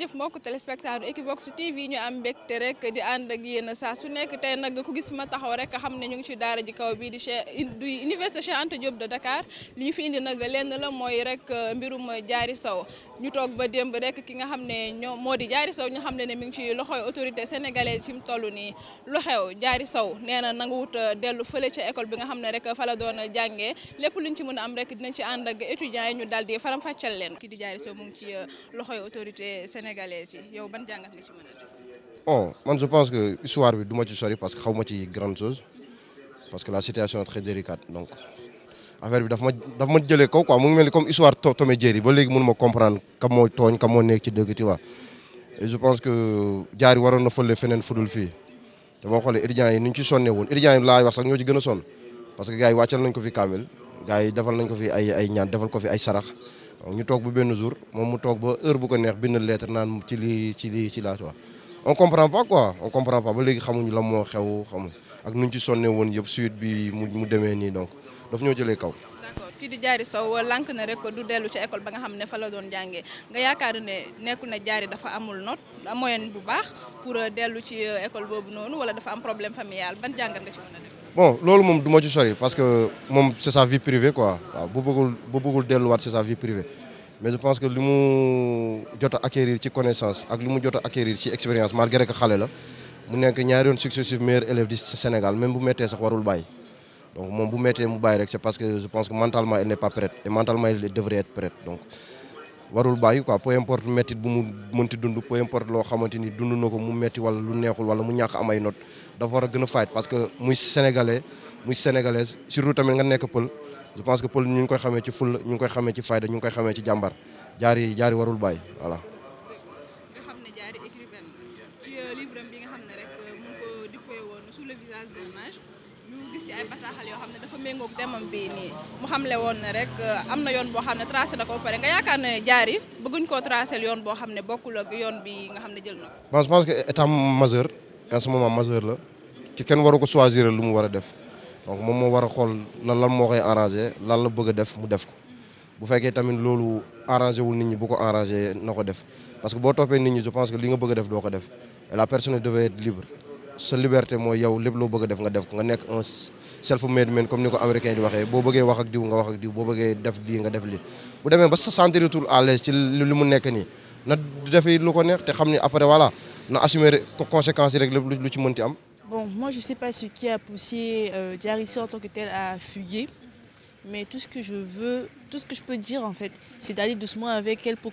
jëf mbokk téléspectateur Equivox TV ñu am mbégte rek di ànd ak yéen saa su nekk tey nag ku gis ma taxaw rek xam ne ñu ngi ci daara ji kaw bii di du université Cheikh Anta ñu fi lenn la mooy rek euh, mbirum Diary Sow ñu toog ba démb rek ki nga xam ne ñoo moo di Diary Sow ñu xam ne ne mi ngi ci loxoy autorité sénégalaise fi mu toll nii lu xew Diary Sow nee na nangu euh, dellu fële ca école bi nga xam ne rek fa la jàngee lépp luñ ci mën a am rek dinañ ci ànd ak étudiants yi ñu daal di faram fàccal leen ki di Diary Sow mu ngi ci euh, loxoy autorité sénégalaise sénégalaises yi yow ban jàngat nga ci pense que histoire bi duma ci sori parce que xaw ma ci grande chose parce que la situation est très délicate donc affaire bi daf ma daf ma jëlee kaw mu ngi mel ni comme histoire Tom et Jerry ba léegi mënu ma comprendre kam moo tooñ kam moo nekk ci dëgg tu vois et pense que jaar yi waroon na fële feneen fudul fii te boo xoolee étudiants yi ni ñu sonne sonnee woon étudiants yi laay wax sax ñoo ci gën a sonn parce que gars yi wàccal nañ ko fi kaamil gars yi defal nañ ko fi ay ay ñaan defal ko fi ay sarax. ñu toog ba benn jour moom mu toog ba heure bu ko neex bind lettre naan ci lii ci lii ci laa ci wax on comprend pas quoi comprend pas ba léegi xamuñu la moo xew xamuñ ak nuñ ci sonne woon yëpp suite bi mu mu demee nii donc daf ñoo jëlee kaw. kii di jaari Sow lànk na rek du dellu ci école ba nga xam ne fa la doon jàngee nga yaakaar ne nekku na jaari dafa amul note moyenne bu baax pour dellu ci euh, école boobu noonu wala dafa am problème familial ban jàngat nga bon loolu moom du ma ci sori parce que moom c'est sa vie privée quoi waaw bu bëggul bu bëggul delluwaat c'est sa vie privée mais je pense que li mu jot a acquérir ci connaissance ak lu mu jot a acquérir ci expérience malgré que xale la mu nekk ñaari yoon successif meilleur élève di Sénégal même bu méttee sax warul bàyyi donc moom bu méttee mu bàyyi rek c'est parce que je pense que mentalement elle n'est pas prête et mentalement elle devrait être prête donc warul bàyyi quoi import importe métti bu mu mënti dund po importe loo xamante ni dund na ko mu métti wala lu neexul wala mu ñàkk am ay note dafa war a gën a fight parce que muy sénégalais muy sénégalaise surtout tamit nga nekk pël je pense que pël ñu ngi koy xamee ci ful ñu ngi koy xamee ci fayda ñu ngi koy xamee ci jàmbar jaari jaari warul bàyyi voilà méngoog demam bi nii woon ne rek euh, am na yoon boo xam ne tracé na ko ba pare nga yaakaar ne jaar yi bëgguñ koo tracé yoon boo xam ne bokkul ak xam ne jël na ko. bon je pense que état la ci kenn waru ko choisir lu mu war a def donc moom moo war a xool lan lan moo koy arrangé lan la bëgg def mu def ko bu fekkee tamit loolu arrangé wul nit ñi bu ko arrangé na ko def parce que boo toppee nit ñi je pense que li nga bëgg def doo ko def et la personne devait être libre. sa liberté mooy yow lépp loo bëgg a def nga def ko nga nekk un self made man américain di waxee boo bëggee wax diw nga wax diw boo bëggee def di nga def li bu demee ba sa sentir retour à l'aise li mu nekk nii na defee lu ko neex te xam ni après voilà na assumer conséquences lu ci mënti am. moi je sais pas ce qui a poussé euh, Diarissé en tant que tel à fuguer mais tout ce que je peux dire en fait c'est d'aller doucement avec elle pour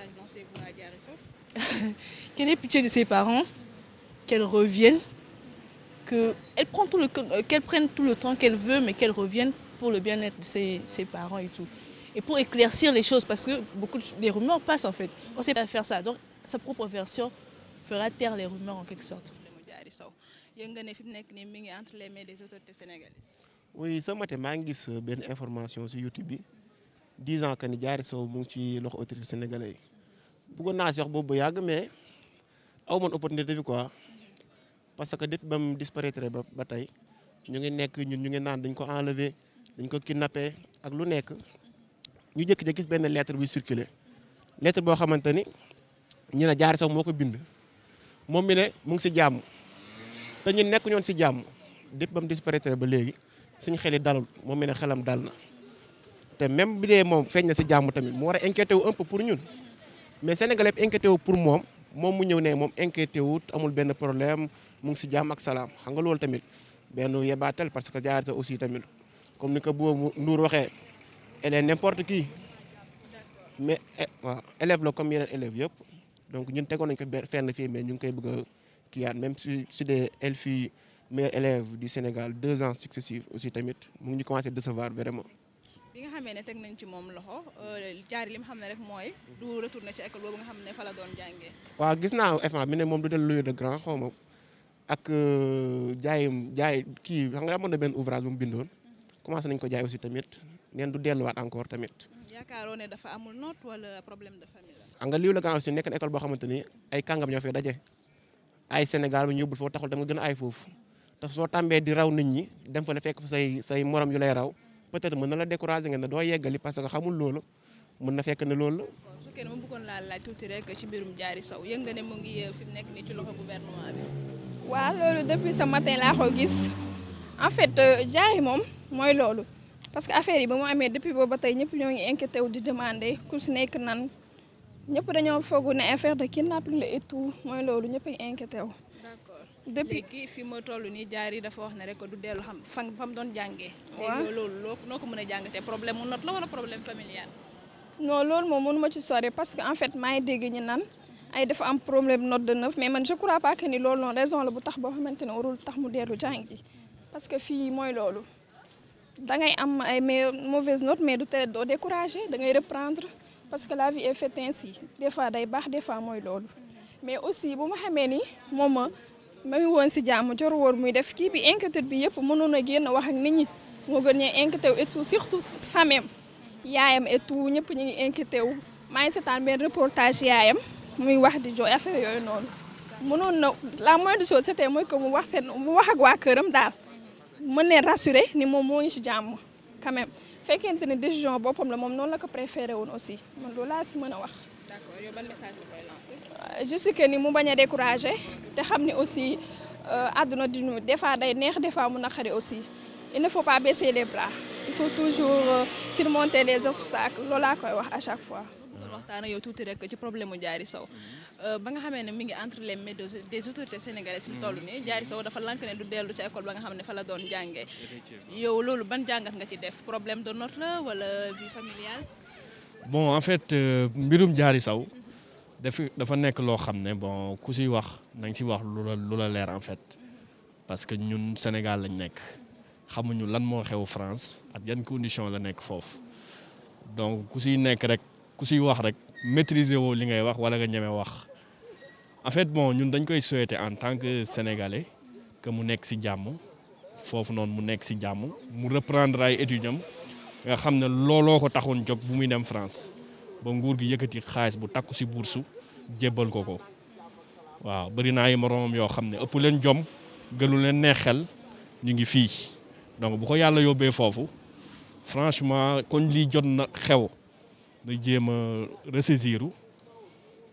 message lancez-vous à Diary Sow Qu'elle ait pitié de ses parents, qu'elle revienne, qu'elle prenne tout le, euh, qu'elle prenne tout le temps qu'elle veut, mais qu'elle revienne pour le bien-être de ses, ses parents et tout. Et pour éclaircir les choses, parce que les rumeurs passent en fait. On ne sait pas faire ça. Donc sa propre version fera taire les rumeurs en quelque sorte. oui ce matin maa ngi gis benn information si YouTube bi disant que ni Diary Sow mu ci loxo autorité sénégalais yi bëggoon naa si wax boobu ba yàgg mais aw moon opportunité bi quoi parce que depuis ba mu disparaître ba ba tey ñu ngi nekk ñun ñu ngi naan dañ ko enlever dañ ko kidnappé ak lu nekk ñu jëkk ja gis benn lettre buy circulé lettre boo xamante ni ñu ne jaar Sow moo ko bind moom mi ne mu ngi si jàmm te ñun nekk ñoon si jàmm depuis ba mu disparaître ba léegi suñ xel yi dalul moom mi ne xelam dal na te même bi dee moom feeñ na si jàmm tamit mu war a inquiété wu pour ñun mais sénégal yëpp inquiété wu pour moom moom mu ñëw ne moom inquiété wut amul benn problème mu ngi si jàmm ak salaam xam nga loolu tamit benn yebaateel parce que jaarata aussi tamit comme ni ko boobu Ndour waxee elle est n'importe qui mais eh, waaw élève la comme yeneen élèves yëpp donc ñun tegoon nañ ko fenn fii mais ñu ngi koy bëgg a même si si des elle fii meilleur élève du Sénégal deux ans successifs aussi tamit mu ngi ñu commencé décevoir vraiment bi nga xamee ne teg nañ ci moom loxo euh, jaari li mu xam ne rek mooy. du retourné ci école boobu nga xam ne fa la doon jàngee. waaw gis naa effort bi ne moom du dellu lieu de grand xaw ma ak euh, jaayum jaay kii xam nga amoon na benn ouvrage bu mu bindoon. Mhm. commencé nañ ko jaay aussi tamit neen du delluwaat encore tamit. Mhm, yaakaaroo ne dafa amul noot wala problème de famille la. xam nga lieu de grand aussi xamante ni ay kàngam ñoo fay daje. ay Sénégal bu ñu yóbbul foo taxul dama gën ay foofu te soo tàmbee di raw nit ñi dem fa la fekk fa say say morom yu lay raw. peut-être mën na la décourager nga ne doo yeggali parce que xamul loolu mën na fekk ne loolu la. su fekkee laaj tuuti rek ci mbirum Diary saw yëg nga ne mu ngi fi mu nekk nii ci loxo gouvernement bi. waaw loolu depuis ce matin laa ko gis en fait euh, Diary moom mooy loolu parce que affaire yi ba mu amee depuis boobu ba tey ñëpp ñoo ngi inquiété wu di demande ku si nekk nan ñëpp dañoo foog ne affaire de kidnapping la et tout mooy loolu ñëpp a inquiété d'accord depuis kii fii ma toll nii jaar yi dafa wax ne rek du dellu xam fan fa mu doon jàngee. waaw loolu loo noo ko mën a jàngatee problème mu note la wala problème familial. non loolu moom mënu ma ci sore parce que en fait maa ngi dégg nan ay dafa am problème note man je crois pas que ni loolu noonu raison la bu tax boo xamante ne warul tax mu dellu jàngi parce que fii mooy loolu da ngay am ay mauvaise note mais du tere doo découragé da ngay reprendre parce que la vie est faite ainsi des fois day baax des fois mooy loolu. mais aussi bu ma xamee ni moom ma ngi woon si jàmm jor woor muy def kii bi inquiétude bi yëpp mënoon a génn wax ak nit ñi moo gën ñee inquiété wu et tout surtout famem yaayam et tout ñëpp ñu ngi inquiété wu maa ngi seetaan benn reportage yaayam muy wax di jooy affaire yooyu noonu mënoon na la moindre chose c'était mooy que mu wax seen mu wax ak waa këram daal mën leen rassurer ni moom moo ngi si jàmm quand même fekkente ni décision boppam la moom noonu la ko préféré woon aussi man loolu laa si mën a wax juste euh, que ni mu bañ a découragé te xam ni aussi euh, àdduna di ñu des fois day neex des fois mu naqari aussi il ne faut pas baisser les bras il faut toujours euh, surmonter les obstacles loolu laa koy wax à chaque fois. waxtaan ak yow tuuti rek ci problème mu Diary Sow ba nga xamee ne mi ngi entre les mains des autorités sénégalaises fi mu toll nii jaari Sow dafa lank ne du dellu ci école ba nga xam ne fa la doon jàngee yow loolu ban jàngat nga ci def problème de note la wala vie familial bon en fait euh, mbirum jaari saw dafa dafa nekk loo xam ne bon ku si wax nañ si wax lu la leer en fait parce que ñun Sénégal lañ nekk xamuñu lan moo xew France ak yan condition la nekk foofu donc ku si nekk rek ku siy wax rek maîtriser woo li ngay wax wala nga ñeme wax en fait bon ñun dañ koy souhaiter en tant que sénégalais que mu nekk si jàmm foofu noonu mu nekk si jàmm mu reprendre ay étudiants nga xam ne looloo ko taxoon jot bu muy dem France ba nguur gi yëkkati xaalis bu takku si bursu jébbal ko ko waaw bëri naa yi moroomam yoo xam ne ëpp leen jom gënu leen neexel ñu ngi fii donc bu ko yàlla yóbbee foofu franchement kon lii jot na xew da jéem a ressaisir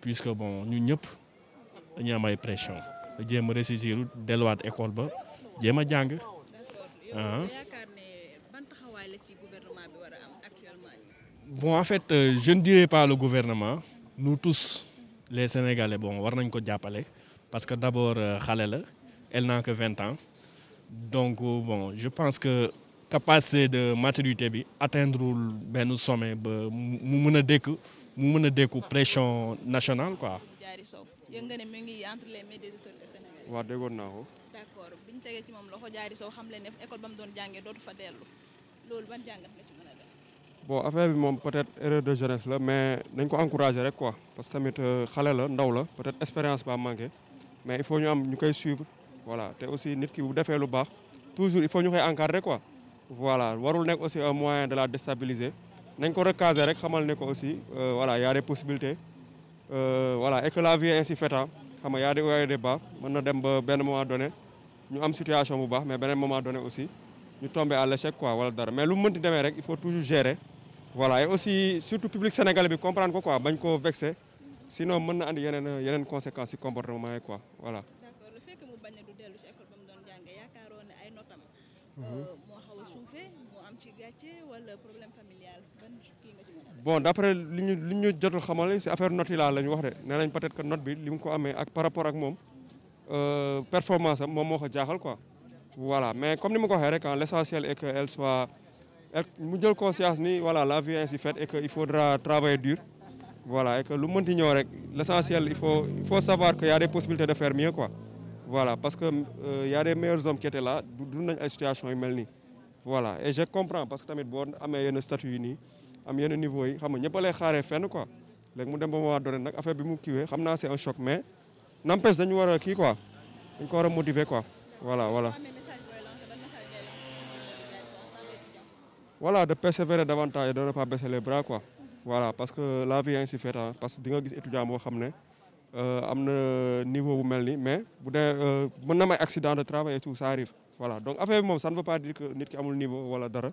puisque bon ñu ñëpp dañu am ay pression da jéem a ressaisir delluwaat école ba jéem jàng ah. Bon, en fait, euh, jeune ne dirais le gouvernement. Nous tous, les Sénégalais, bon, on ko jàppale parce que d'abord, Khalela, euh, elle n'a que vingt ans. Donc, euh, bon, je pense que capacité de maturité bi atteindre benn sommet ba mu mën a dékk mu mën a dékku pression nationale quoi. Diary Sow ngi entre les mains des autorités sénégalaises. waaw naa ko. d' accord tegee ci moom loxo Diary Sow xam leen école ba doon jàngee dootu fa dellu. loolu ban bi moom peut-être de jeunesse la mais nañ ko encourager rek quoi parce que tamit euh, xale la ndaw la peut-être expérience baa manqué mais il faut ñu am ñu koy suivre voilà te aussi nit ki bu defee lu baax toujours il faut ñu koy encadrer quoi. voilà warul nekk aussi un moyen de la déstabiliser nañ ko recaser rek xamal ne ko aussi euh, voilà y possibilité des possibilités euh, voilà et que vie est ainsi faite xam nga y a des hauts mën na dem ba benn moment donné ñu am situation bu baax mais beneen moment donné aussi. ñu tombé à l'échec quoi wala dara mais lu mu mënti demee rek il faut toujours gérer voilà aussi surtout public sénégalais bi comprendre ko quoi bañ koo vexé sinon mën na andi yeneen yeneen conséquences ci comportement yi quoi voilà. d'accord le fait mu bañ a du dellu ci école ba mu doon jàng yaakaaroon ay notam. Mhm. Euh, moo xaw a mu am ci gàcce wala problème familial bon d'après li ñu li ñu jotul xamal si affaire note yi laa la ñu wax de nee nañ peut-être que note bi li mu ko amee ak par rapport ak moom euh, performance am moom moo ko jaaxal quoi. voilà mais comme ni ma ko waxee rek ah l' essentiel est que elle soit mu jël conscience ni voilà la vie est ainsi faite et que il faudra travailler dur voilà et que lu mënti ñëw rek l' essentiel il faut il faut savoir que y a des possibilités de faire mieux quoi parce que euh, y a des meilleurs hommes qui étaient là dund nañ situation yi mel ni voilà e je comprends parce que tamit boo amee yenn statut yi nii am yenn niveau yi xam nga ñëpp a lay xaaree fenn quoi léegi mu dem ba moment donné nag affaire bi mu kiiwee xam naa c' est un choc mais n' war a kii quoi dañ ko war a motiver quoi voilà voilà voilà de persévérer davantage et de ne pas baisser les bras quoi voilà parce que la vie est ainsi faite parce que di nga gis étudiant xam ne euh, am na niveau bu mel ni mais bu dee euh, mën na may accident de travail et tout ça arrive voilà donc affaire moom ça ne veut pas dire que nit ki amul niveau wala dara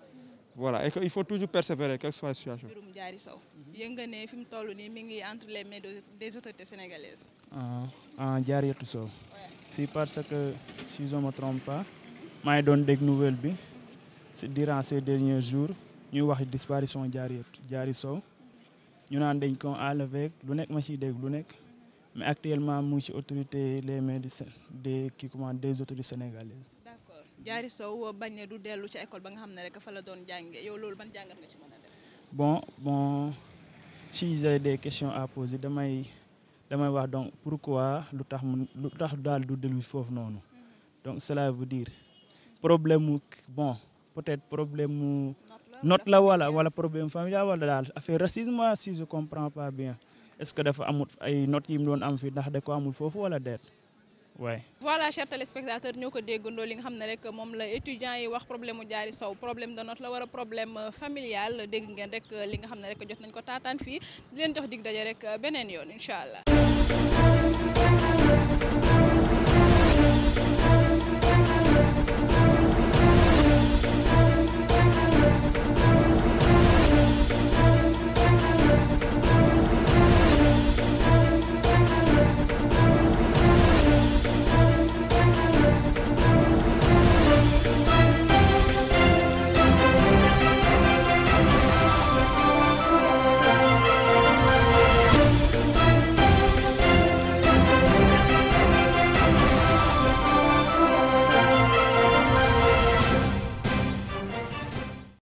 wala et que il faut toujours persévérer quelle que soit la situation. mbirum Diary Sow yënga mu toll nii mi ngi entre les mains des autorités sénégalaises. ah ah Diary Sow. si parce que si je me trompe maa ngi doon dégg nouvelle bi. durant ces derniers jours ñuy wax disparition Diary Diary Sow ñu naan dañ ko enlevé lu nekk ma ciy dégg lu nekk mais actuellement mu ngi ci autorité les médecins des qui commande des autorités sénégalaises. d'accord Diary Sow euh, bañ ne du dellu ci école ba nga xam ne rek fa la doon jàngee yow loolu ban jàngat nga ci mën a def. bon bon si j'ai des question à poser damay damay wax donc pourquoi lu tax mu lu tax daal du dellu foofu noonu mm-hmm. donc cela veut dire problème mu bon. peut-être problème mu note la wala wala problème familial wala daal affaire racisme si je comprends pas bien est-ce que dafa amul ay notes yi mu am fii ndax de ko amul foofu wala deet waaye. voilà chers téléspectateurs ñoo ko déggandoo li nga xam ne rek moom la étudiants yi wax problème mu Diary Sow problème de note la wala problème euh, familial dégg ngeen rek euh, li nga xam ne rek jot nañ ko taataan fi di leen jox dig daje rek euh, beneen yoon incha allah.